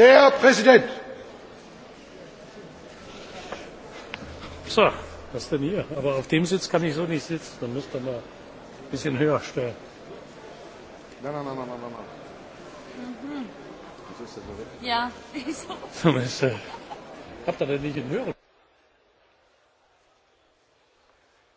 Herr Präsident! So, was denn hier? Aber auf dem Sitz kann ich so nicht sitzen. Da müsste man ein bisschen höher stellen. Nein, nein, nein, nein, nein, nein. Mhm. Ja, wieso? Habt ihr denn nicht in höheren?